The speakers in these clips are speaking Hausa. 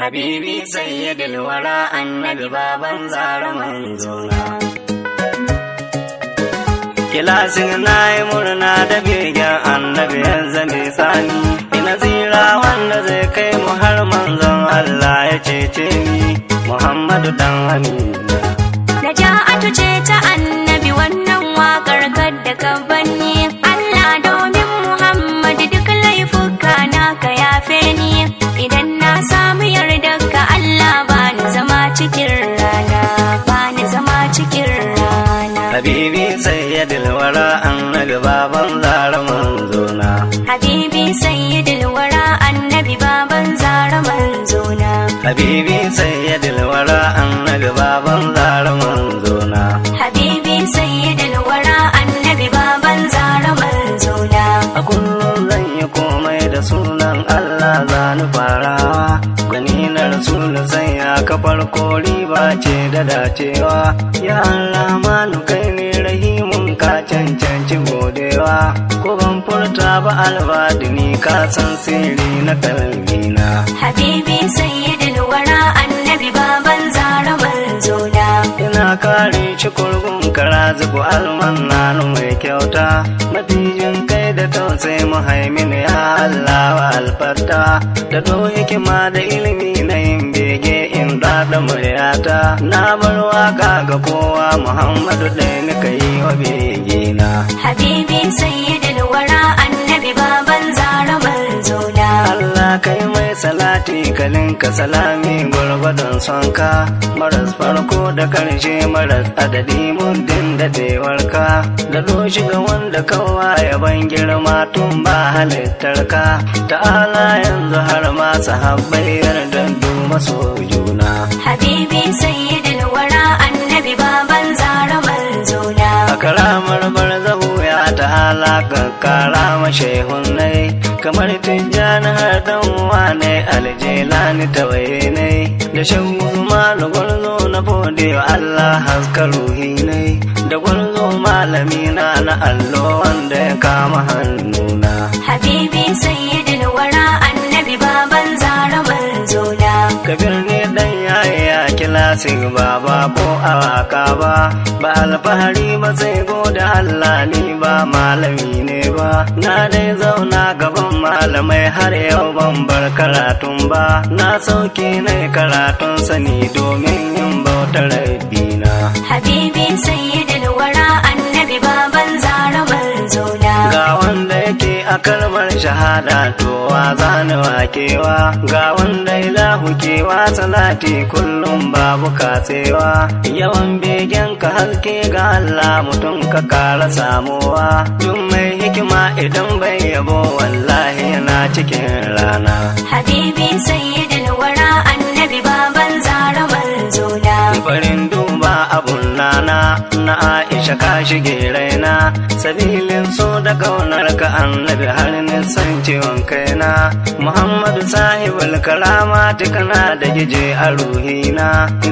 Habibi sayyidil wara annabi baban zara manzona. Kilasin na yi murna da begen annabi yanzu mai sani ina zira wanda zai kai mu har manzon Allah ya cece ni, Muhammadu dan Amina. a ce ta annabi wannan Allah za farawa gani na rasulu sanya ka farko riba ce da dacewa ya Allah manu kai ne rahimun ka cancanci godewa ko ban furta ba alfadi ni ka san sirri na kalbina habibi sayyidul wara annabi baban zara manzona ina kare shi kurgun kara zubu almanna mai kyauta matijin kai da tausayi muhaimin ya Allah wa alfarta da ɗau hikima da ilimi na yin bege in da muryata na bar waka ga kowa Muhammadu ɗaya nika kai wa bege na. Habibi sayyidul wara annabi baba. salati kalinka salami gwargwadon sonka maras farko da karshe maras adadi muddin dadewarka da doshi ga wanda kawa yaban girma tun ba halittarka ta'ala yanzu har ma sahabbai yarda maso juna habibi sai ka kara shehun kamar tijjani har dan wane aljelani tawaye nai da shan malu gwarzo na fode Allah haska ruhi da gwarzo malami na na allo wanda ya kama hannuna habibi sayyidul wara annabi baban zara manzona kabir ne dan yaya ba. ba ko a haka ba ba alfahari ba sai goda Allah ni ba malami ne ba na dai zauna gaban malamai har yau ban bar karatun ba na sauke ne karatun sani domin yin bautar dina habibi sayyidul wara annabi baba a kalmar shahada towa zani wakewa ga wanda ilahu kewa salati kullum babu katsewa yawan begen ka haske ga Allah mutum ka kara samuwa tun mai hikima idan bai yabo wallahi yana cikin rana habibi sayyidul wara annabi baban zara manzona farin abun nana na Aisha ka shige raina sabilin so da kaunar ka annabi har nisan ciwon kaina Muhammadu sahibul karama tukana da gije a ruhina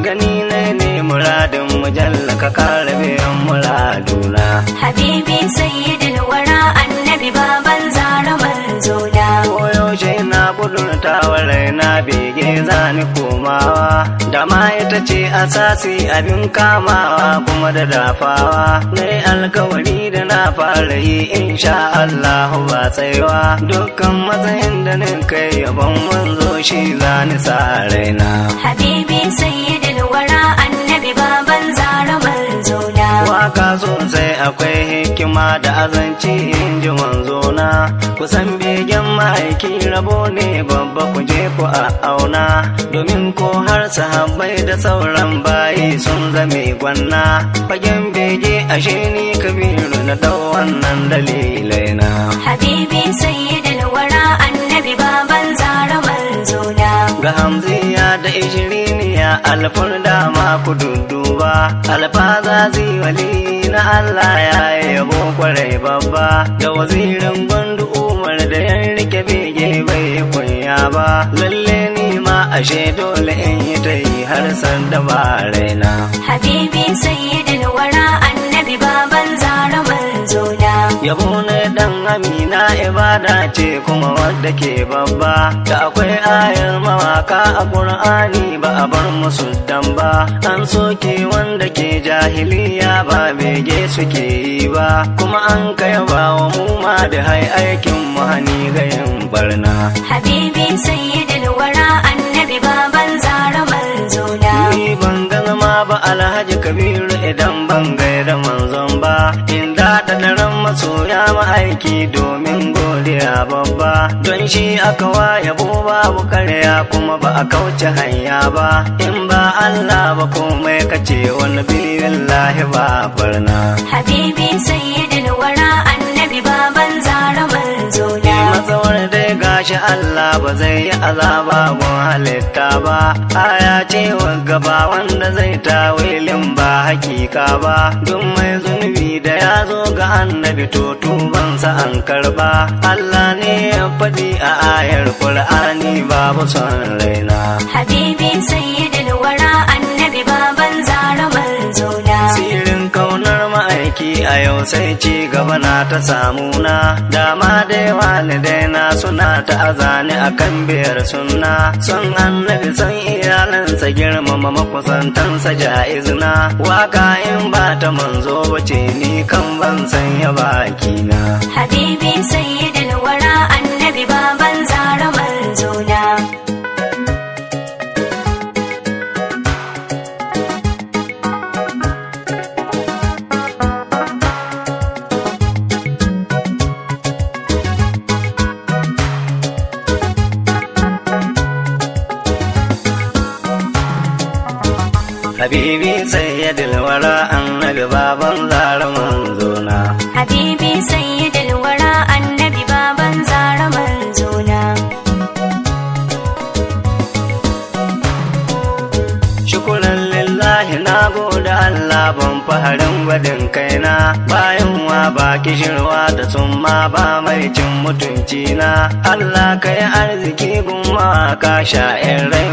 gani ne ne muradin mujalla ka kare biyan muraduna Habibi sayyidul wara annabi baban zara manzona koyaushe na bud shawarar na bege zani komawa dama ita ce asasi abin kamawa kuma da dafawa na yi alkawari da na fara yi insha Allah ba tsaiwa dukkan matsayin da nan kai yabon manzo shi zani sa raina habibi sayyidul wara annabi baban zara ka sosai akwai hikima da azanci in ji manzona kusan begen ma'aiki rabo ne babba ku je ku a auna domin ko har sahabbai da sauran bayi sun zame gwanna fagen bege a ni kabiru na dau wannan dalilai na habibi sayyidul wara annabi baban zara manzona ga hamziya da ishiri alfun dama ku dudduba alfaza wali na Allah ya yabo kwarai babba Da wazirin gwandu umar da yan rike bege bai kunya ba lalle ni ma ashe dole in yi ta yi har san da ba raina habibi sayyidul wara annabi baban yabo ne dan amina ibada ce kuma wanda ke babba da akwai ayar mawaka a qur'ani ba a bar musu dan ba an soke wanda ke jahiliya ba bege suke yi ba kuma an kai ba wa mu ma da hai aikin mu hani ga yin barna habibi sayyidul wara annabi baban zara manzo ni ban ma ba alhaji kabiru idan ban gaida manzon ba in da masoya aiki domin godiya babba don shi aka waya babu karya kuma ba a kauce hanya ba in ba Allah ba komai kace wani biyin lahi ba barna habibi sayyidul wara annabi baban zara manzo na matsawar dai shi Allah ba zai yi azaba mun halitta ba ya ce gaba wanda zai wilin ba hakika ba duk mai zunubi da ya zo ga annabi to sa an karba Allah ne ya faɗi a ayar Qur'ani babu son raina habibi sayyidul wara annabi baban zara manzona sirrin kaunar ma aiki a yau sai ci gaba na ta samu na. dama dai walidai na suna ta azani a kan biyar sunna Sun annabi san iyalansa girmama makusantansa ja'izna waka in ba ta manzo wace ni kan ban sanya na habibi sai Habibi sayyidul wara annabi baban zara manzona. Habibi sayyidul wara annabi baban zara manzona. Shukuran lillahi na gode Allah ban faharin gwadin kaina bayan na ba kishirwa da tsumma ba mai cin mutunci na Allah ka yi arziki gumma ka sha in rai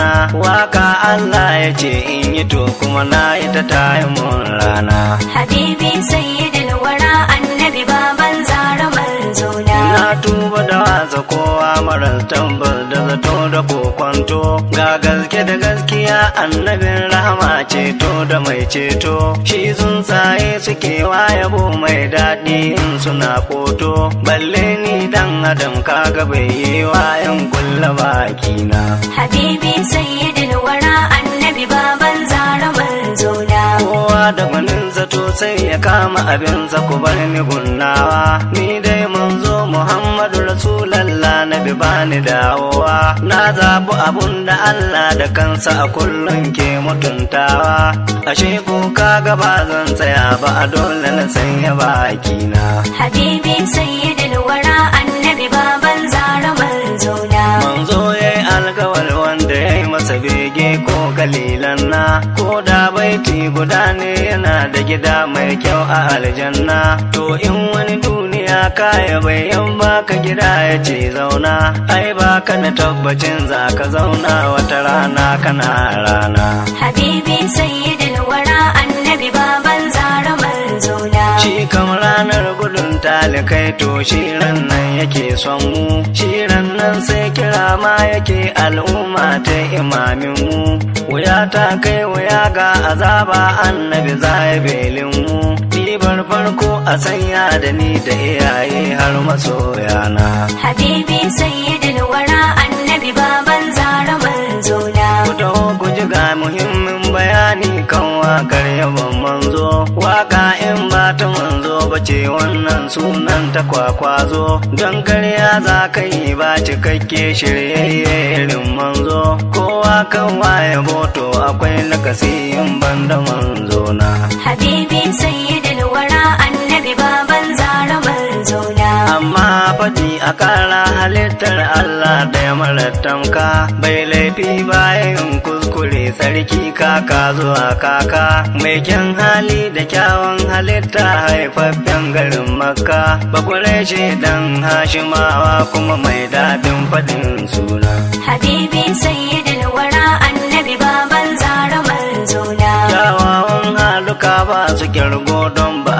na. waka Allah ya ce in yi to kuma na yi ta tayin mun rana habibi yi da. na tuba da waza kowa marar tambar da zato da kokwanto ga gaske da gaskiya annabin rahama ceto da mai ceto shi tsuntsaye suke bo mai daɗi in suna koto balle ni dan adam ga bai yi wayan kulla baki na habibi sayyidul wara annabi ba. da gwanin zato sai ya kama abin zaku bar ni gunnawa ni dai mun zo muhammadu rasulallah na bi bani dawowa na zabu abun da allah da kansa a kullum ke mutuntawa ashe ko ka gaba zan tsaya ba a dole na sanya ba habibi sai janna ko da baiti guda ne yana da gida mai kyau a aljanna to in wani duniya ka kaya bayan baka gida ya ce zauna ai baka na tabbacin za ka zauna wata rana kana rana habibi sayyidul wara juna shi ranar gudun talikai to shirin nan yake son mu shirin nan sai kira ma yake al'umma ta imamin mu wuya ta kai wuya ga azaba annabi zai belin mu ribar farko a sanya da ni da iyaye har masoyana habibi sayyidul wara annabi baban zara manzona ku taho ku ji ga muhimmin bayani wakar yaban manzo waka in ba ta manzo ba ce wannan sunan ta kwakwazo don karya za ka yi ba cikakke shirye irin manzo kowa kan waye boto akwai nakasi in banda manzo na habibi sayyidul wara faɗi a ƙara halittar Allah da ya tamka bai laifi bayan kuskure sarki kaka zuwa kaka mai kyan hali da kyawun halitta haifaffen garin makka bakwai shi dan hashimawa kuma mai daɗin faɗin suna. Habibi sayyidul wara annabi baban zara manzona. Kyawawan haluka ba su kirgo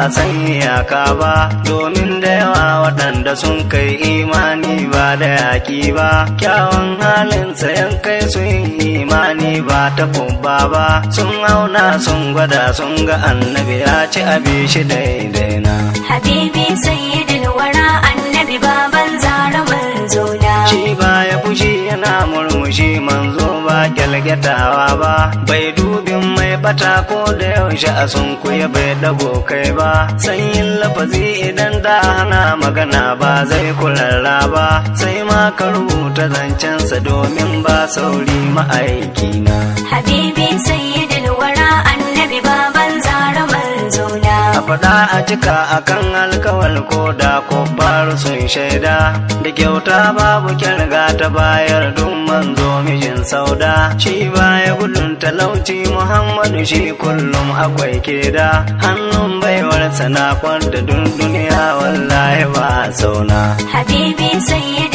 a san iyaka ba domin da yawa waɗanda sun kai imani ba da yaƙi ba kyawun halin sayan kai sun yi imani ba ta kubba ba sun auna sun gwada sun ga annabi ya ci abi shi daidai na habibi sayyidin wara annabi baban zara manzo na shi ba ya fushi yana murmushi manzo ba wa ba bai dubin mai bata ko da yaushe a ya bai dago kai ba sanyin lafazi idan da hana magana ba zai kurarra ba sai ma ka rubuta zancensa domin ba sauri ma'aiki na habibi sayyidul wara annabi baban zara manzona a faɗa a cika akan alkawal ko da kofar sun shaida da kyauta babu kyan ta bayar duk manzo mijin sauda shi baya gudun talauci muhammadu shi kullum akwai keda hannun baiwarsa sana da dun duniya wallahi ba sauna habibi sayyid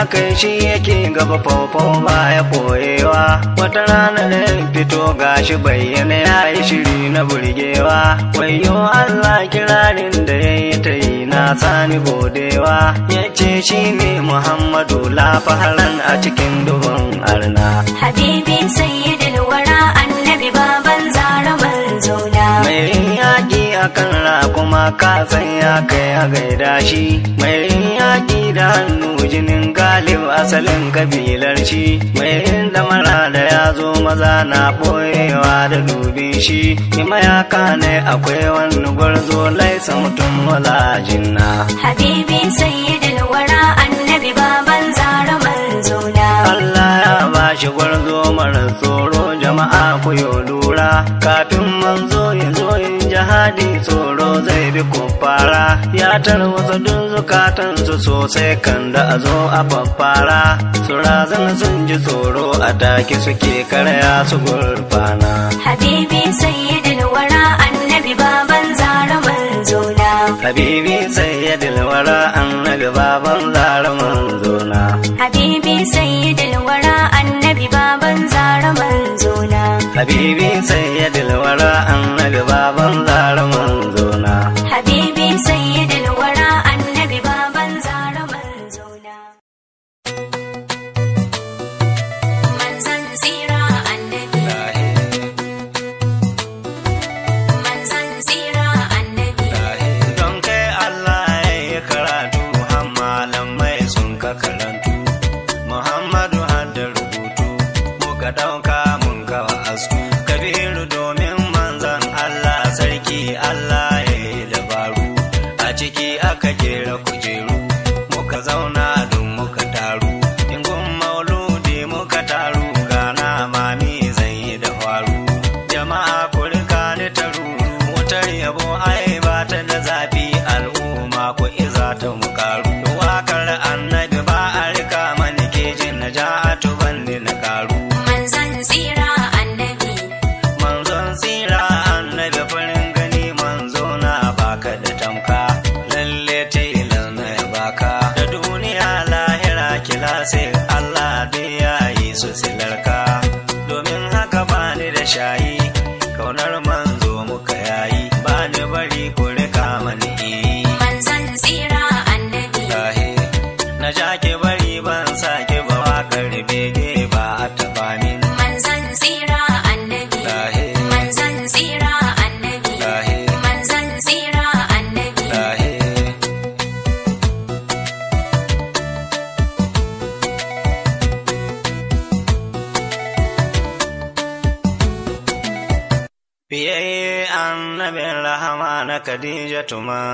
akai shi yake gaba faufau baya koyewa wata rana ne fito shi bayyana ya yi shiri na burgewa wayo Allah kirarin da ya yi ta yi na sani godewa ya ce shi ne Muhammadu lafaharan a cikin duhun arna. Habibi sayyidin wara annabi baba. akan kuma ka ya kai a gaida shi mai yaƙi da hannu jinin galib asalin kabilar shi mai mara da ya zo maza na ɓoyewa da dubin shi ni mayaka ne akwai wani gwarzo laisa mutum wala jinna habibi sayyidul wara annabi baban zara manzona Allah ya ba shi gwarzo mara tsoro jama'a ku yo lura kafin manzo ni tsoro zai bi kufara ya tarwatsa duk su sosai kan da a zo a fara su razan sun ji tsoro a daki suke karya su gurfana habibi sai sayyidul wara annabi baban zara manzona habibi sai sayyidul wara annabi baban zara manzona habibi sai sayyidul wara annabi baban zara manzona habibi sai sayyidul wara annabi baban zara no, shy. 走吗？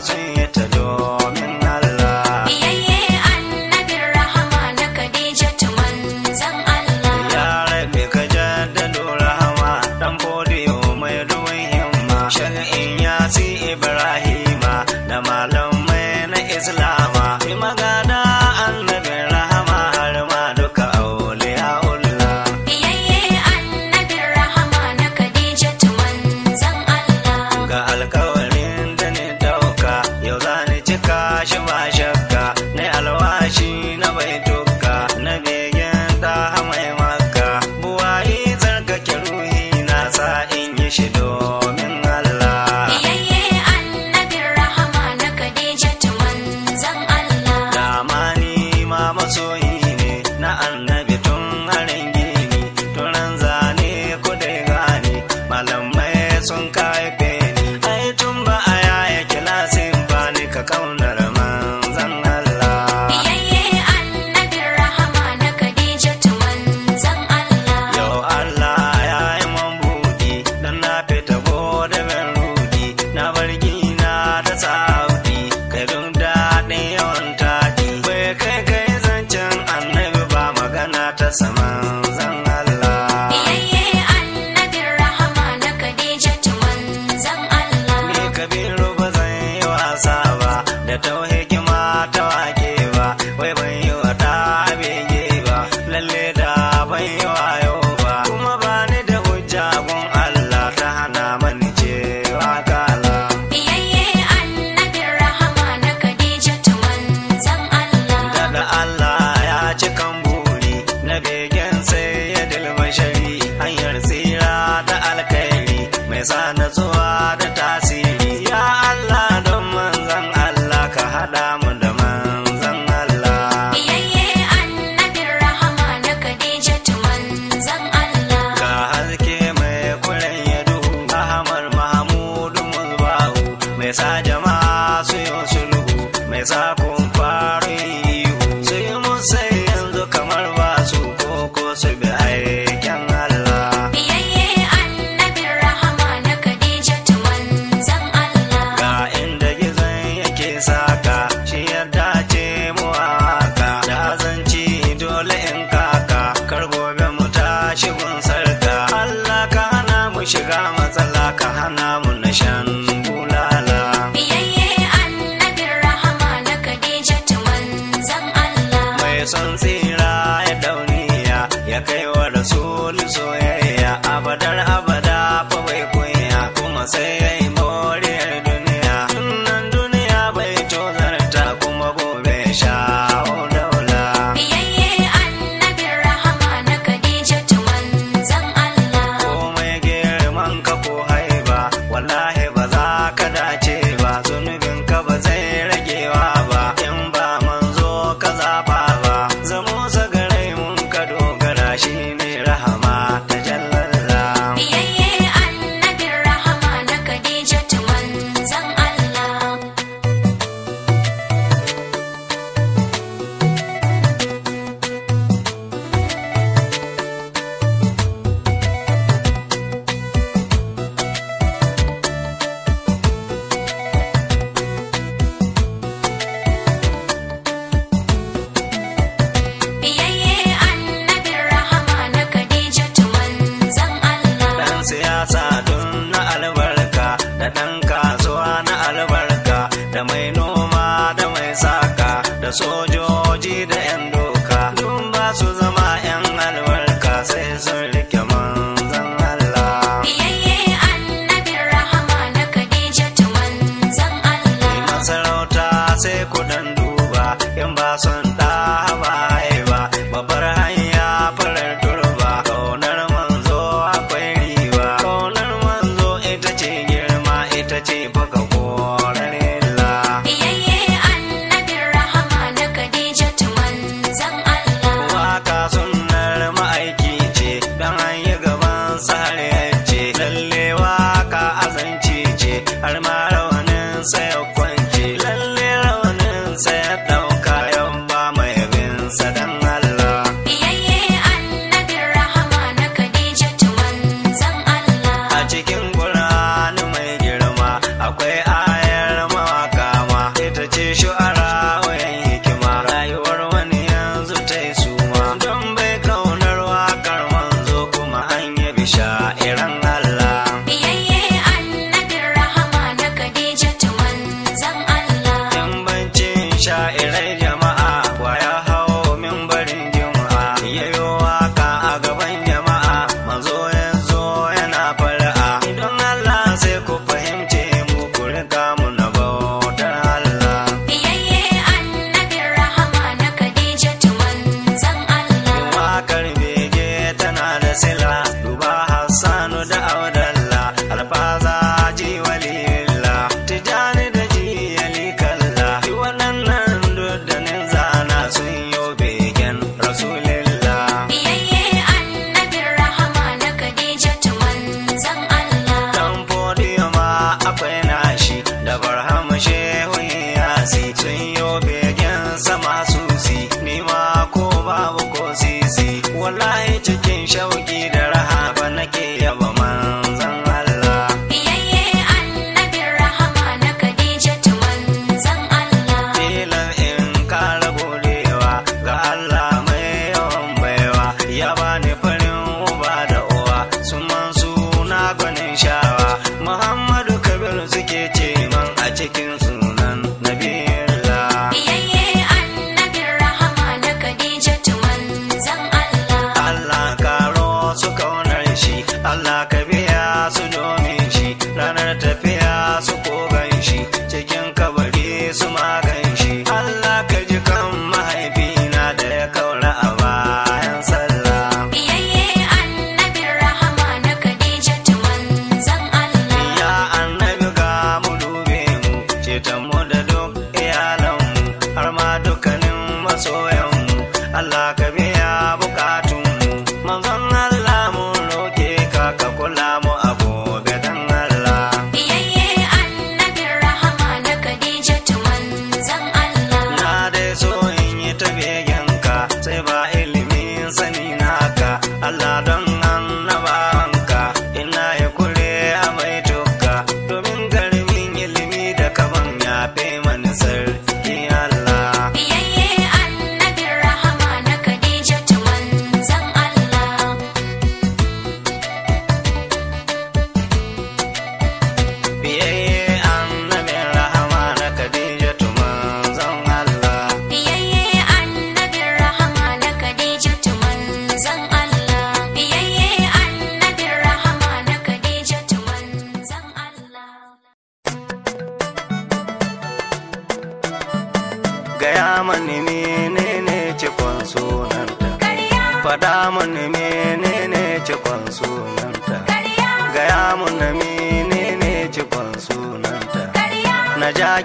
it to you. kowa da soy yo.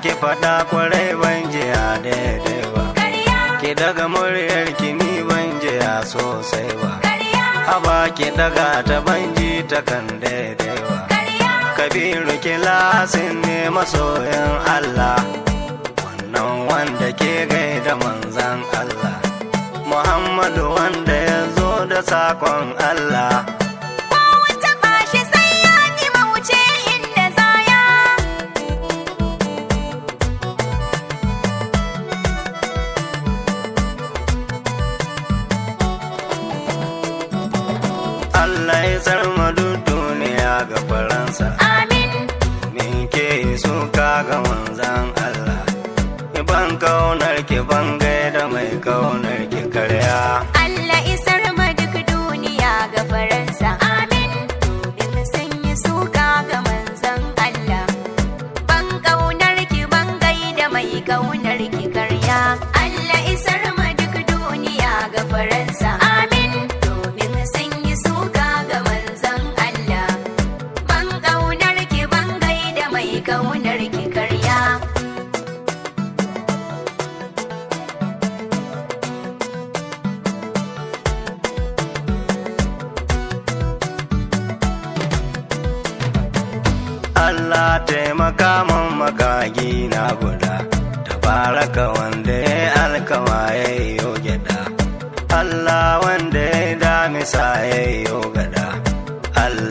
ki faɗa kwarai ban jiya daidai ba ki daga muryar ki ni ban jiya sosai ba haba ki daga ta ban ji ta kan daidai ba kabiru ki lasin ne masoyan Allah wannan wanda ke gaida manzan Allah Muhammadu wanda ya zo da sakon Allah kaunar ki da mai kaunar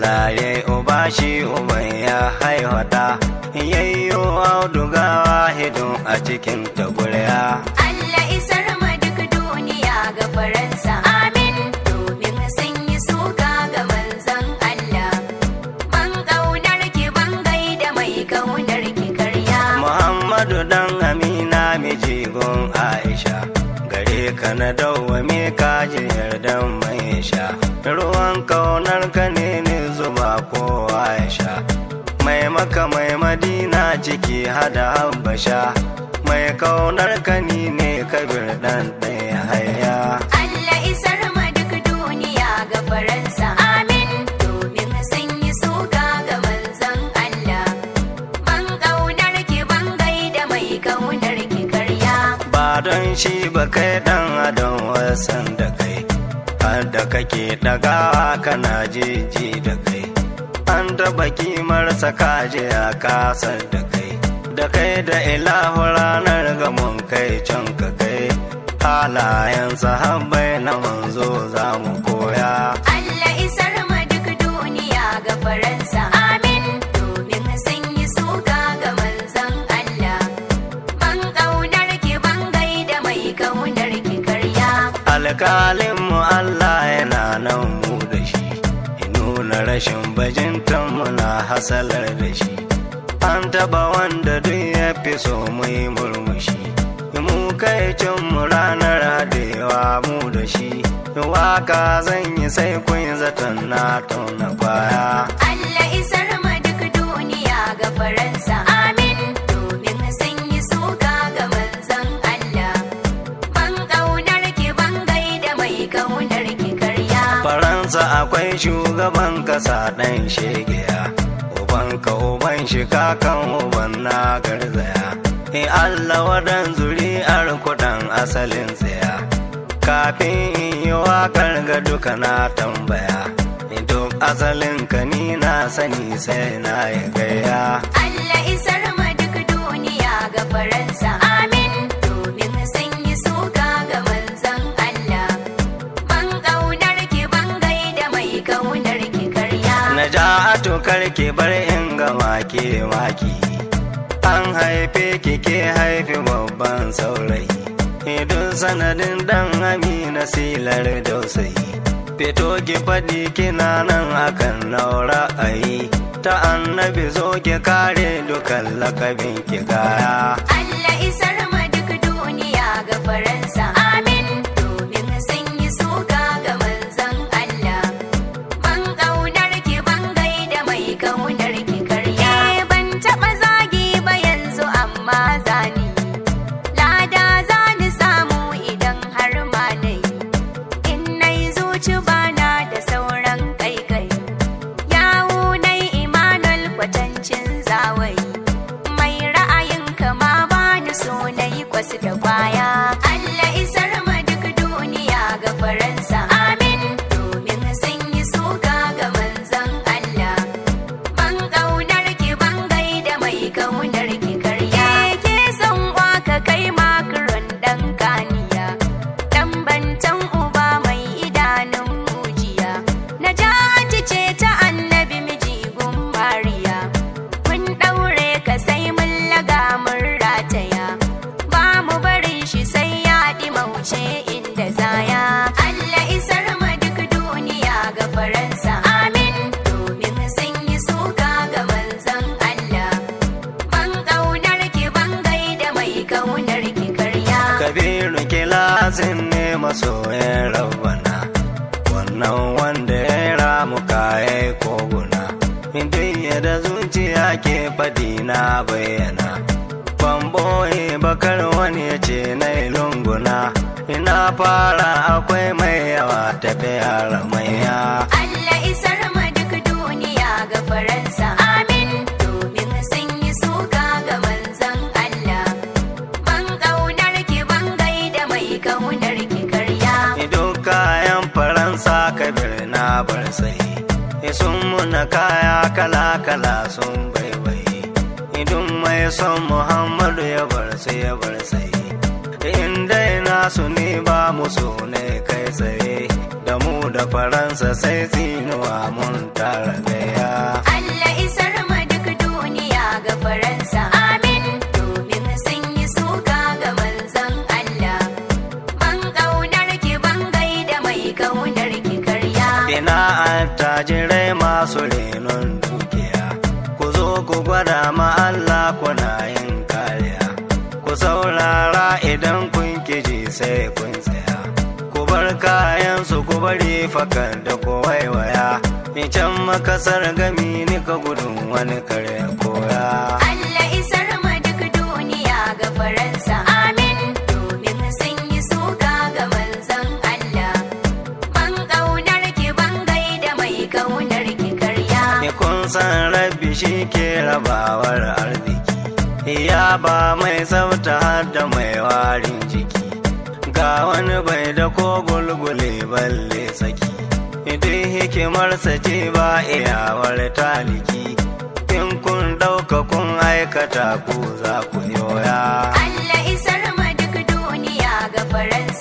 Allah ya uba shi uban ya haihuta yayyo audugawa hidin a cikin tagurya. Allah isar ma duk duniya ga faransa. Amin. Domin sun yi suka ga manzan Allah. Ban kaunar ki ban gaida mai kaunar ki karya. Muhammadu dan Amina mijigon Aisha. Gare ka na dawwame ka ji yardan mai sha. Ruwan kauna ciki hada Habasha mai kaunar kani ne kabir dan ɗaya haya Allah isar ma duk duniya ga faransa amin domin sun yi suka ga manzan Allah ban kaunar ki ban gaida mai kaunar ki karya ba don shi ba kai dan adam wasan da kai har da kake daga kana jiji da kai nan da baki marasa kaje a kasar da kai da kai da ilahu ranar gaman kai can ka kai halayen sahabbai na manzo za mu koya Allah isar duk duniya ga faransa amin domin sun yi suka ga manzon Allah ban kaunar ki ban gaida mai kaunar ki karya alkalin rashin bajintan muna hasalar da shi an taba wanda duk ya fi so mu yi murmushi mu kai cin mu ranar hadewa mu da shi waka zan yi sai kun zaton na tauna kwaya Allah yanzu akwai shugaban kasa ɗan shegeya uban ka uban shi kan uban na garzaya in Allah wadan zuri'ar kuɗan asalin tsaya kafin in yi waƙar ga duka na tambaya duk asalin ka ni na sani sai na yi gaya Allah isar ma duk duniya ga faransa ki bar in ga wake maki an haife ki ke haifi babban saurayi idan sanadin dan amina silar dausayi fito ki faɗi kina nan akan naura ayi ta annabi zo ki kare dukan lakabin ki gaya Allah isar ma duk duniya ga faransa masoyin bana wannan wanda ya ramu kaye koguna duk da zuciya ke faɗi na bayyana ban boye bakar wani ya ce na lunguna ina fara akwai mai yawa tafiya ramaiya Allah isar ma duk duniya ga faransa bar sai sun muna kaya kala kala sun baibaye idan mai son muhammadu ya bar sai ya bar sai inda ina su ne ba musu ne kai tsaye da mu da faransa sai tsinuwa mun tara gaya Allah isar ma duk duniya ga faransa sai kun tsaya ku bar kayan su ku bari fakan da ku waiwaya ni makasar gami ni ka gudun wani kare koya Allah isar ma duk duniya ga faransa amin domin sun yi suka ga manzon Allah ban kaunar ki ban gaida mai kaunar ki karya ni kun san rabbi shi ke rabawar arziki ya ba mai tsafta da mai warin jiki ga wani bai da ko gulgule balle tsaki idan hikimarsa ce ba iyawar taliki in kun ɗauka kun aikata ku za ku yoya Allah isar ma duk duniya ga faransa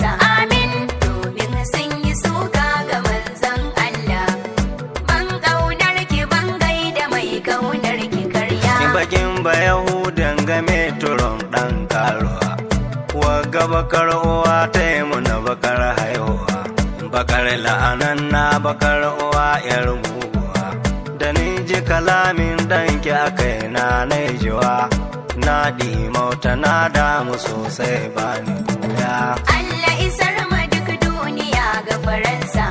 ga bakar uwa ta yi muna bakar haihuwa bakar la'anan na bakar uwa yar rubuwa da ni ji kalamin danki a kai na naijiwa na mauta na damu sosai ba ni Allah isar ma duk duniya ga faransa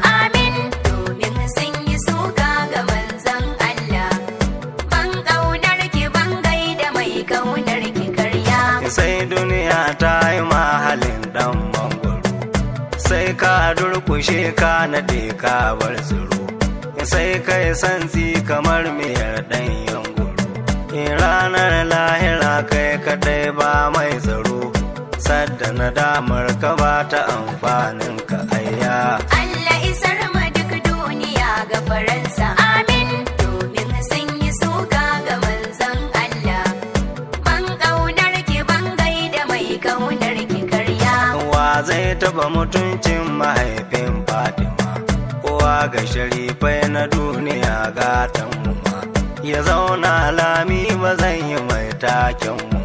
na durkushe ka na ka bar tsiro sai kai santsi kamar miyar ɗanyen goro in ranar lahira kai kadai ba mai tsaro sadda na damar ka ba ta amfanin ka ayya Allah isar ma duk duniya ga faransa taba mutuncin mahaifin fatima kowa ga sharifai na duniya gatan mu ya zauna lami ba zan yi mai taken mu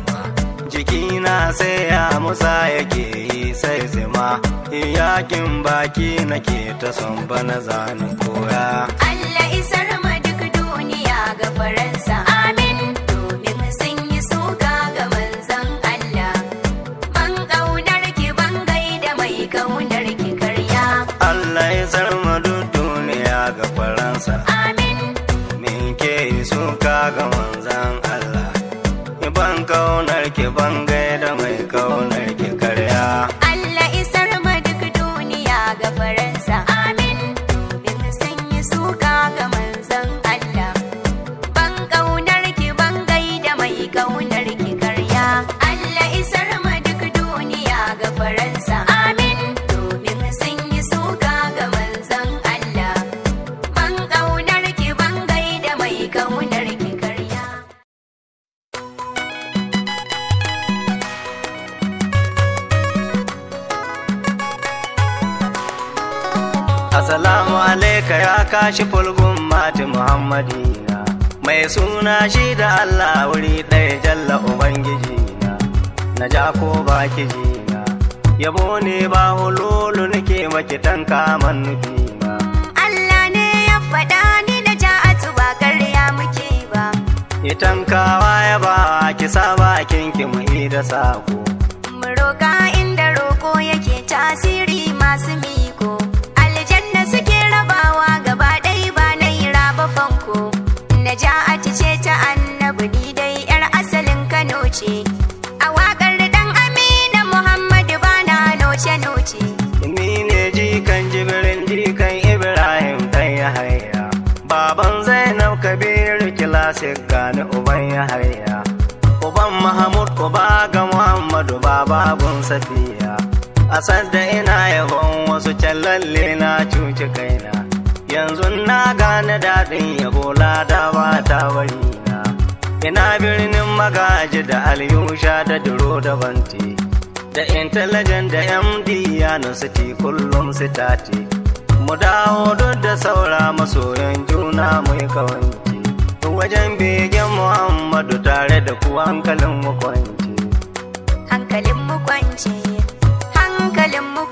jikina sai ya musa yake yi sai zima yakin baki nake ta son bana zani koya na cuci kaina yanzu na gane daɗin yabo lada da ta bari ina birnin magaji da alyusha da duro da banti da intelligent da md yana city kullum sitati mu dawo duk da saura masoyan juna mai kawanci wajen begen muhammadu tare da ku hankalin mu hankalin mu hankalin mu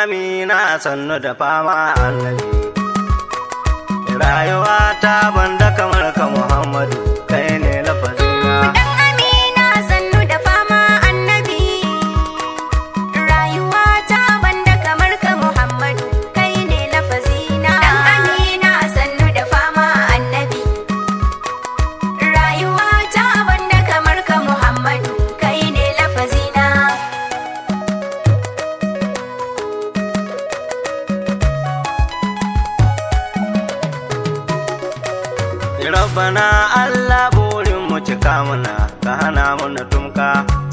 amina sannu da fama annabi rayuwa ta banda kamar ka muhammadu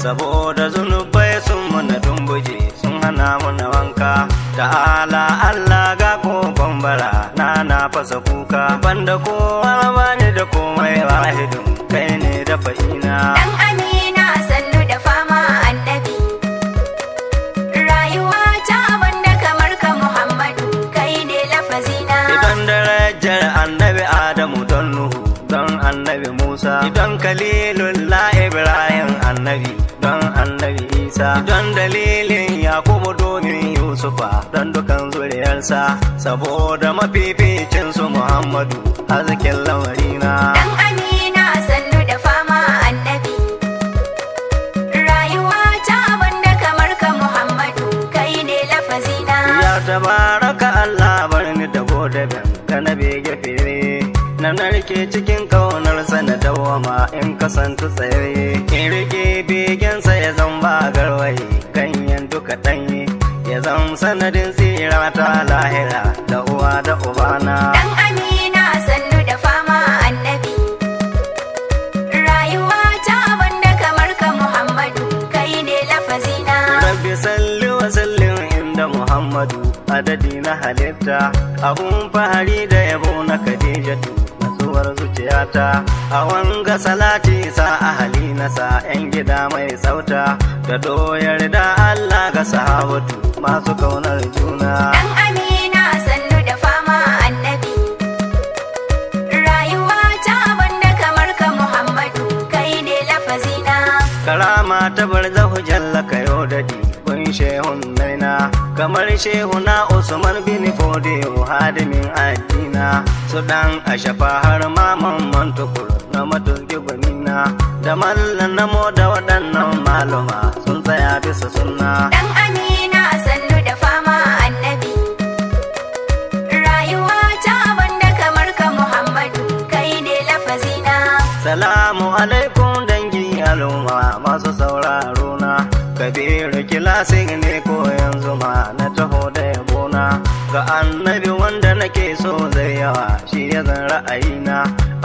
saboda zunubai sun mana dumbuje sun hana mana wanka ala Allah ga ko bara na na fasa kuka banda kowa bani da komai wahidin kai ne da fahina amina annabi kai ne idan adamu don nuhu don annabi musa idan kalilun ibrahim annabi don dalilin yakubu domin yusufa don dukan zuriyarsa saboda mafificinsu su muhammadu hazikin lamarina dan amina sannu da fama annabi rayuwa ta abinda kamar ka muhammadu kai ne lafazina ya tabaraka allah bar ni da godaben ka na bege fere na narke cikin ƙaunarsa na dawama in kasanta tsaye in rike begen ya zan ba garwaye ganyen duka ɗanye ya zan sanadin tsira ta lahira da uwa da ubana. Dan amina sanu da fama annabi. Rayuwa ta wanda kamar ka Muhammadu kai ne lafazina. Rabbi salli wa sallin inda Muhammadu adadi na halitta abun fari da yabo na Khadijatu. a wanga salati sa ahali na sa yan gida mai sauta da doyar da Allah ga sahabatu masu kaunar juna dan amina sannu da fama a annabi rayuwa ta wanda kamar ka Muhammadu kai ne lafazina karama ta bar kamar shehuna usman bin fodiyo hadimin addina su dan ashafa har maman mantukur na matuki gwanina da mallan namo da waɗannan malama, sun tsaya bisa sunna dan amina Sannu da fama annabi Rayuwata ta kamar ka muhammadu kai ne lafazina salamu alaikum dangi al'umma ga annabi wanda nake so zai yawa shi ya zan ra'ayina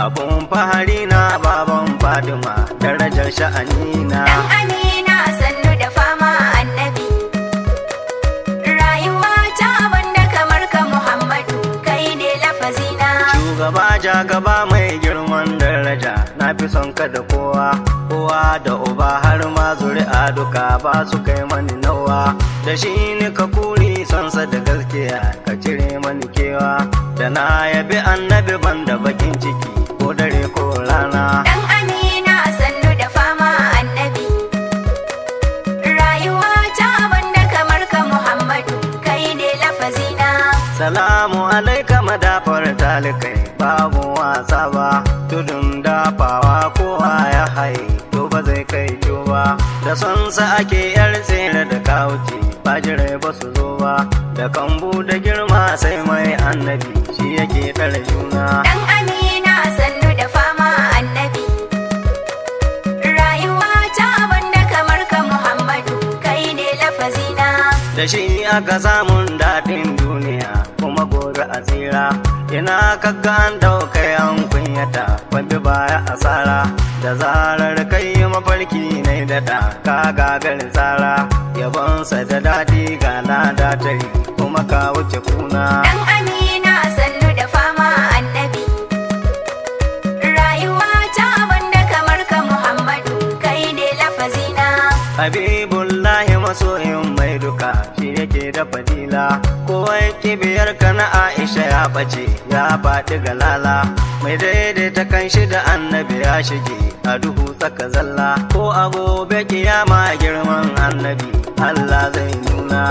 abun fahari na baban fatima darajar sha'anina dan amina sannu da fama annabi rayuwa kamar ka muhammadu kai ne lafazina shugaba ja gaba mai girman daraja na fi son ka da kowa kowa da uba har ma zuri'a duka ba su kai mani nawa da shi ni ka kuri da gaskiya ka cire mani kewa da na yabi annabi ban da bakin ciki ko dare ko rana dan amina sannu da fama annabi rayuwa kamar ka muhammadu kai ne lafazina salamu alaika madafar talikai babu wasa ba tudun dafawa kowa ya haye da son sa ake yar tsere da kauci fajirai ba su zo ba da kambu da girma sai mai annabi shi yake ɗara juna dan amina da fama annabi rayuwa ta kamar ka muhammadu kai ne lafazina da shi aka samun daɗin duniya kuma gobe a tsira ina kaga an ɗaukai an kunyata babi baya asara da zarar kai sarki ne da da ka gagar tsara yabonsa da daɗi ga lada tari kuma ka wuce kuna. Dan amina sannu da fama annabi. Rayuwa ta abanda kamar ka Muhammadu kai ne lafazina. Habibullahi masoyin mai duka shi yake da fadila. kibiyar ka na Aisha ya ɓace ya faɗi galala mai daidaita kan shi da annabi ya shige a duhu tsaka zalla ko a gobe kiyama girman annabi Allah zai nuna.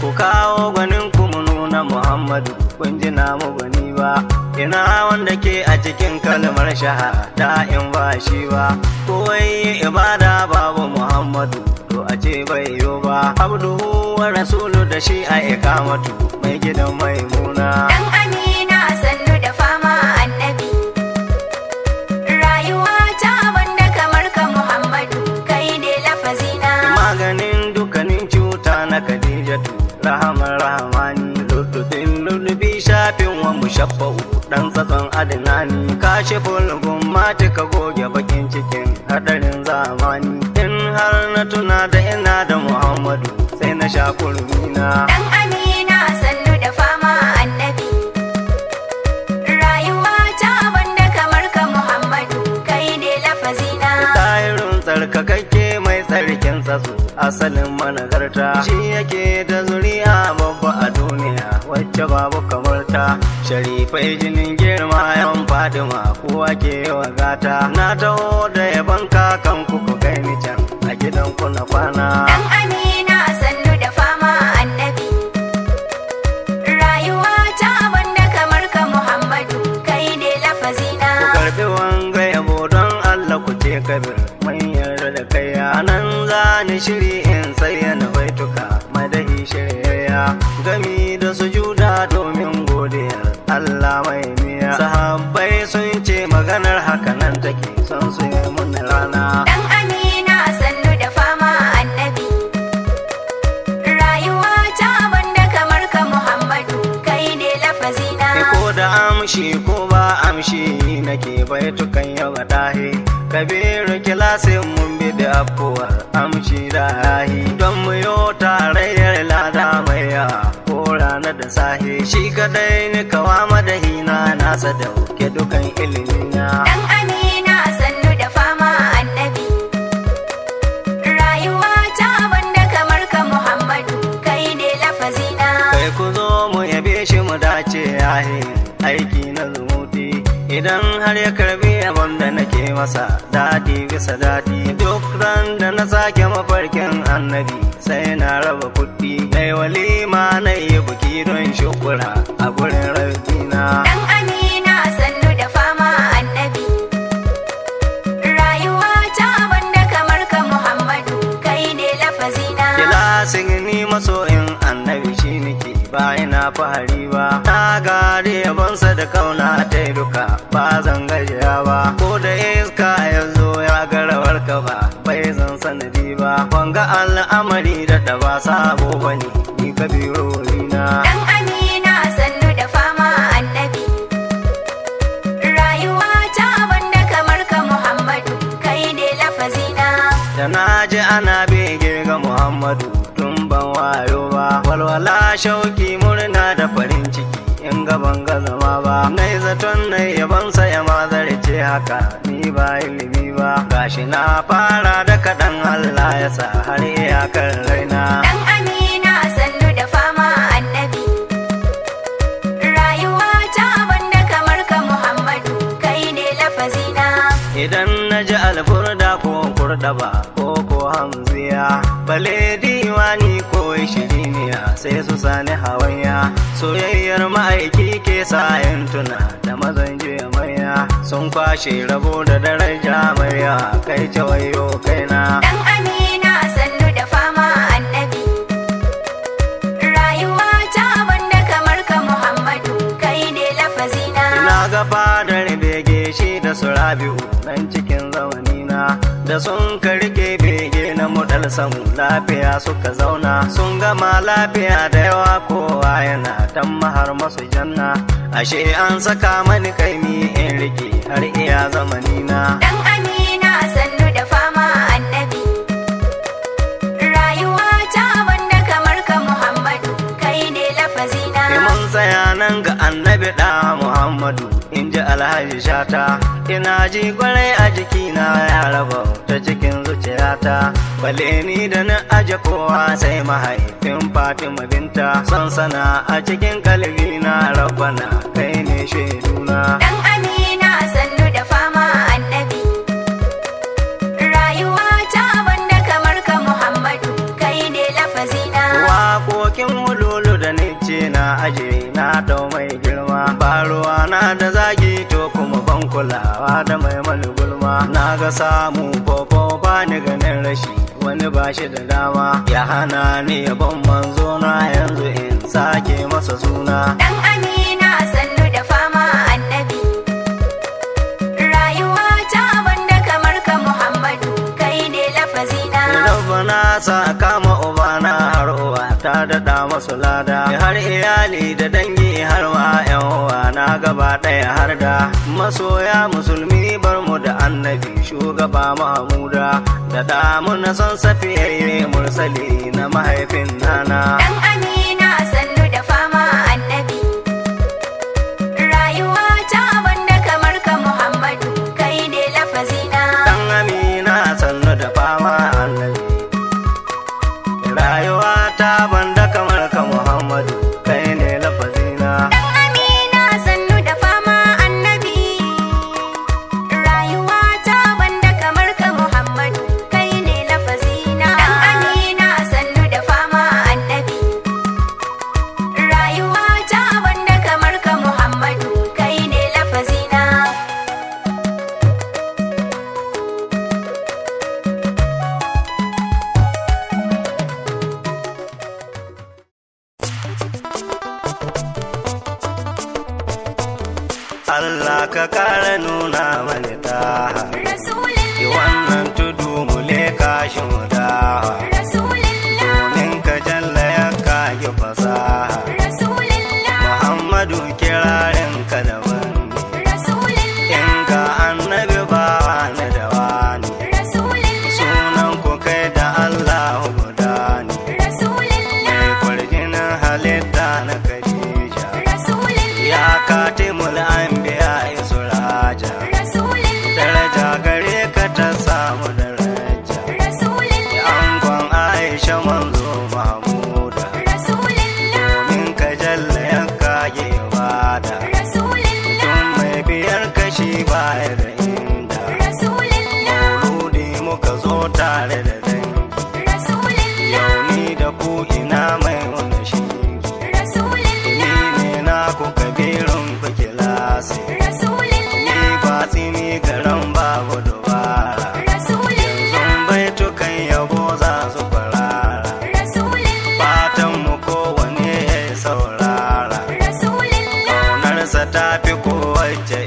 Ku kawo gwanin ku mu nuna Muhammadu kun ji namu gani ba, ina cikin kalmar shahada in ba shi ba kowai koyi ibada babu muhammadu to a ce bai yo ba abduhu wa rasulu da shi a ikamatu mai gidan maimuna dan amina sannu da fama annabi rayuwa ta banda kamar ka muhammadu kai ne lafazina maganin dukkanin cuta na khadijatu rahamar rahamani lutufin lulubi shafin wa mushabba'u, ɗan tsatson adinani kwashe bulgun mati ka goge bakin cikin haɗarin zamani in har na tuna da ina da muhammadu sai na sha na. dan amina sannu da fama annabi rayuwa ta banda kamar ka muhammadu kai ne lafazi lafazina tsayirin tsarkakakke mai tsarkin sasu asalin managarta shi yake da zuriya babba a duniya wacce babu kamar kyauta sharifai jinin girma yan fadima kowa ke wa gata na taho da yaban kakan ku ku kai ni can a gidan ku na kwana dan amina sannu da fama annabi rayuwa ta abanda kamar ka muhammadu kai ne lafazina ku karɓi wanga yabo don allah ku ce kabir manyan da kai anan za ni shiri kabiru kilasin mun bi da afuwar amshi da hahi don mu yo tarayyar lada mai ya ko ranar da sahi shi kadai ni kawa madahina nasa dauke dukan ilimina. Dan amina sannu da fama annabi rayuwa ta wanda kamar ka Muhammadu kai ne lafazina. Kai ku zo mu yabe shi mu dace yahi aiki idan har ya karbi abin da nake masa dadi bisa dadi duk ran da na sake mafarkin annabi sai na raba kuɗi na yi walima na yi buki don shukura a gurin rabina dan amina sannu da fama annabi rayuwa ta abin da kamar ka muhammadu kai ne lafazina kila sun ni masoyin annabi shi nake ba ina fahari ba ta gare yabansa da ƙauna ta duka ma zan gajiya ba ko da iska ya zo ya garawar ka ba bai zan sanadi ba wanga al'amari da da ba sabo ni kabiru na dan amina sannu da fama annabi rayuwa ta banda kamar ka muhammadu kai ne lafazina da na ji ana bege ga muhammadu tun ban wayo ba walwala shauki murna da farin ciki in gaban gaza nai zaton nai yaban saya ma zarce haka ni ba ilimi ba gashi na fara da kaɗan Allah ya sa har ya kan raina amina sandu da fama annabi Rayuwata kamar ka kai ne lafazina idan na ji alfurda ko kurda ba ko ko hamziya bale diwani akwai shirimiya sai su sani hawaiya soyayyar ma'aiki ke sayan tuna da mazan maya sun kwashe rabo da daraja maya kai jawayo da fama kamar kai ne lafazina ina ga fadar da su rabi'u nan cikin zamanina da sun ka faɗar samu lafiya suka zauna sun gama lafiya da yawa kowa yana tan mahar masu janna ashe an saka mani kaimi in rike har iya zamanina. alhaji shata ina ji kwarai a jikina ya raba ta cikin zuciyata balle ni da na aje kowa sai mahaifin fatima binta Sansana sana a cikin kalbina rabbana kai ne shaiduna dan amina sannu da fama annabi rayuwa ta banda kamar ka muhammadu kai ne lafazina waƙoƙin hululu da na nice na aje na dau mai girma ba ruwa na da zagi kulawa da mai gulma na ga samu popo ba ni ganin rashi wani ba shi da dama ya hana ni yabon manzo na yanzu in sake masa suna Ɗan amina sannu da fama annabi Rayuwata kamar ka muhammadu kai ne lafazina sa kama ubana har uwa ta daɗa masu lada har iyali da dangi kowa na gaba ɗaya har da masoya musulmi bar mu da annabi shugaba mahmuda da damu na son safiyayye mursali na mahaifin nana. Dan boy,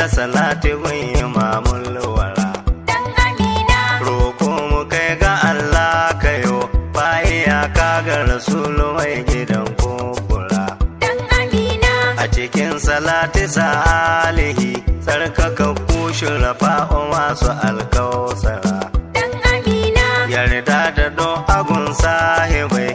da salati gun imamul wara dan amina roko mu kai ga Allah kayo ba iyaka ga rasulu mai gidan kubura amina a cikin salati salihi sarkaka kushin rafa'u masu alkausara dan amina yarda da do agun sahibai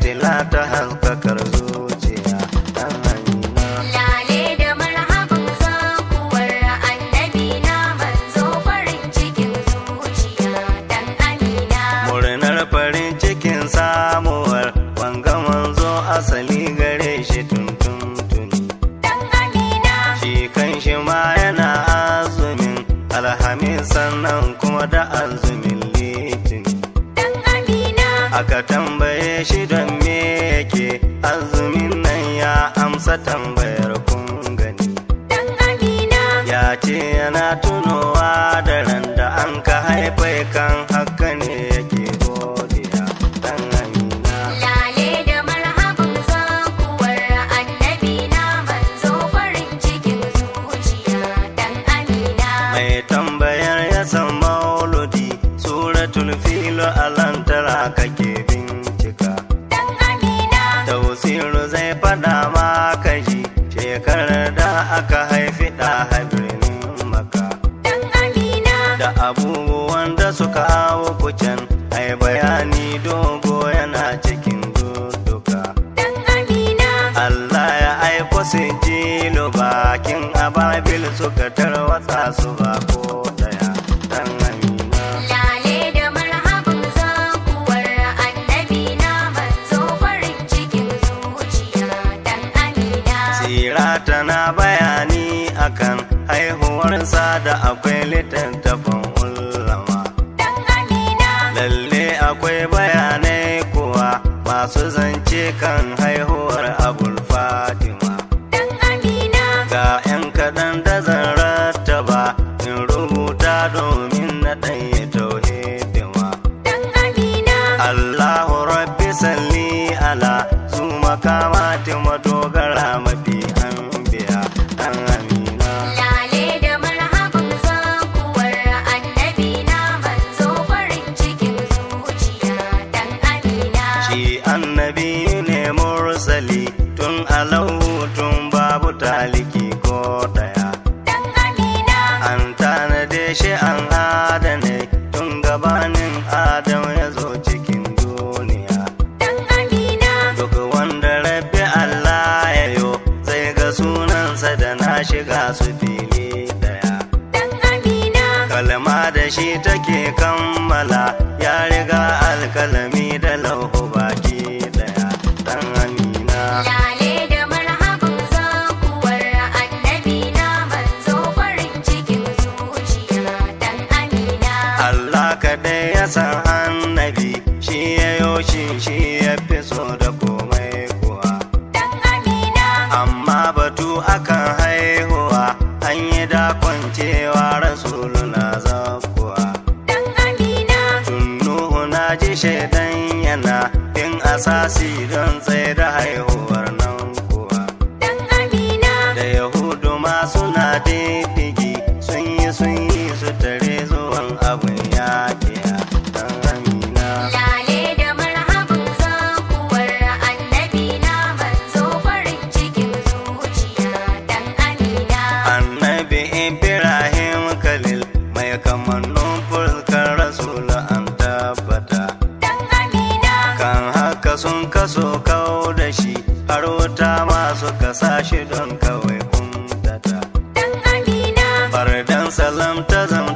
de lata.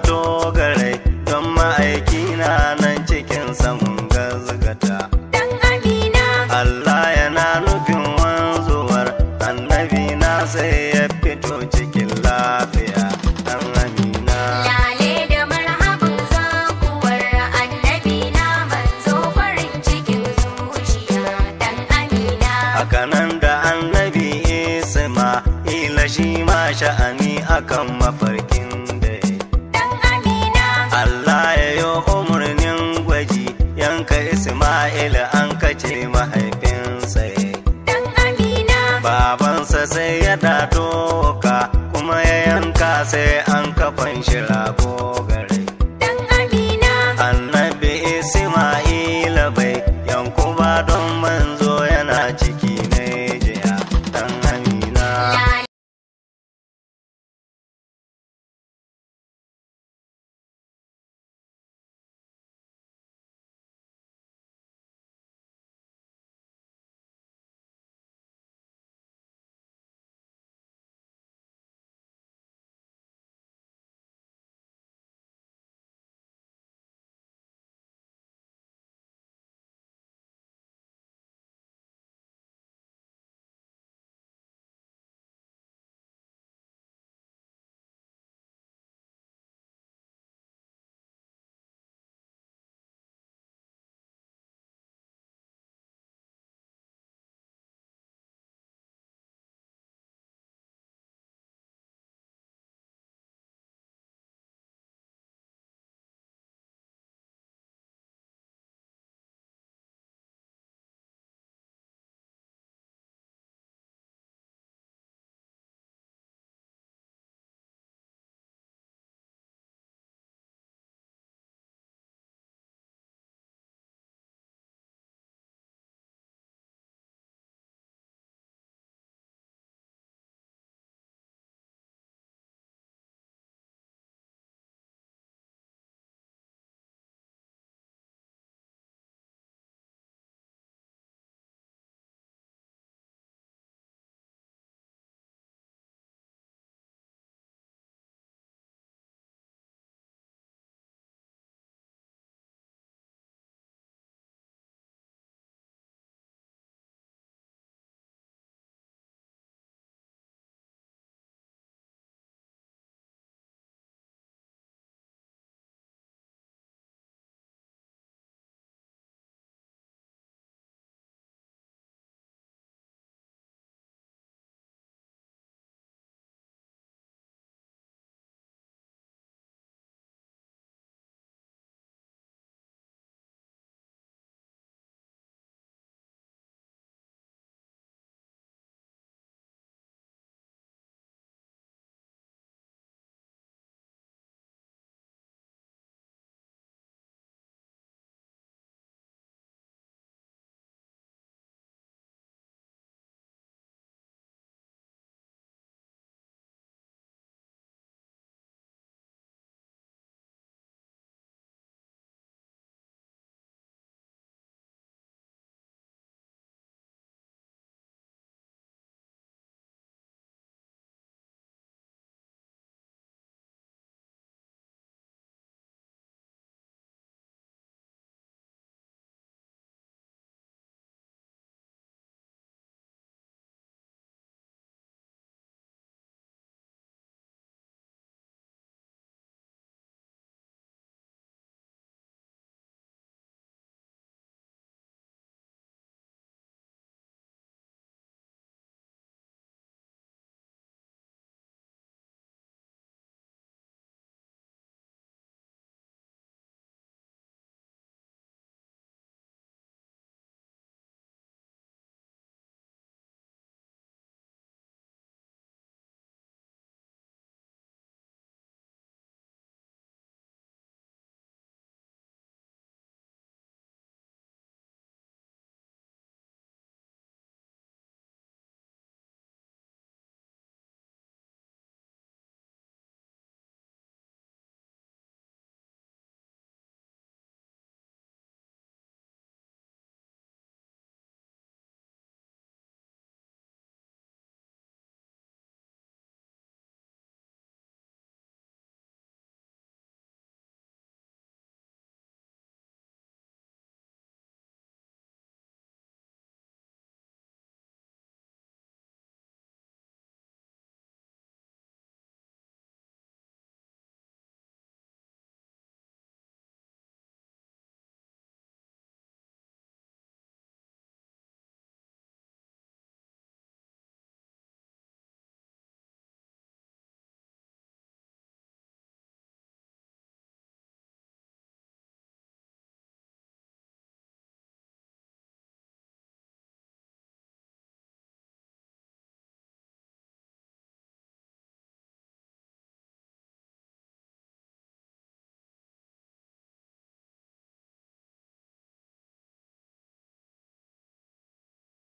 dogarai don ma'aiki na nan cikin samun gazgata. Dan amina. Allah yana nufin wanzuwar annabi na sai ya fito cikin lafiya. Dan amina. Lale da marhaban zakuwar annabi na manzo farin cikin zuciya. Dan amina. Hakanan da annabi ma ila shi ma sha'ani akan mafi.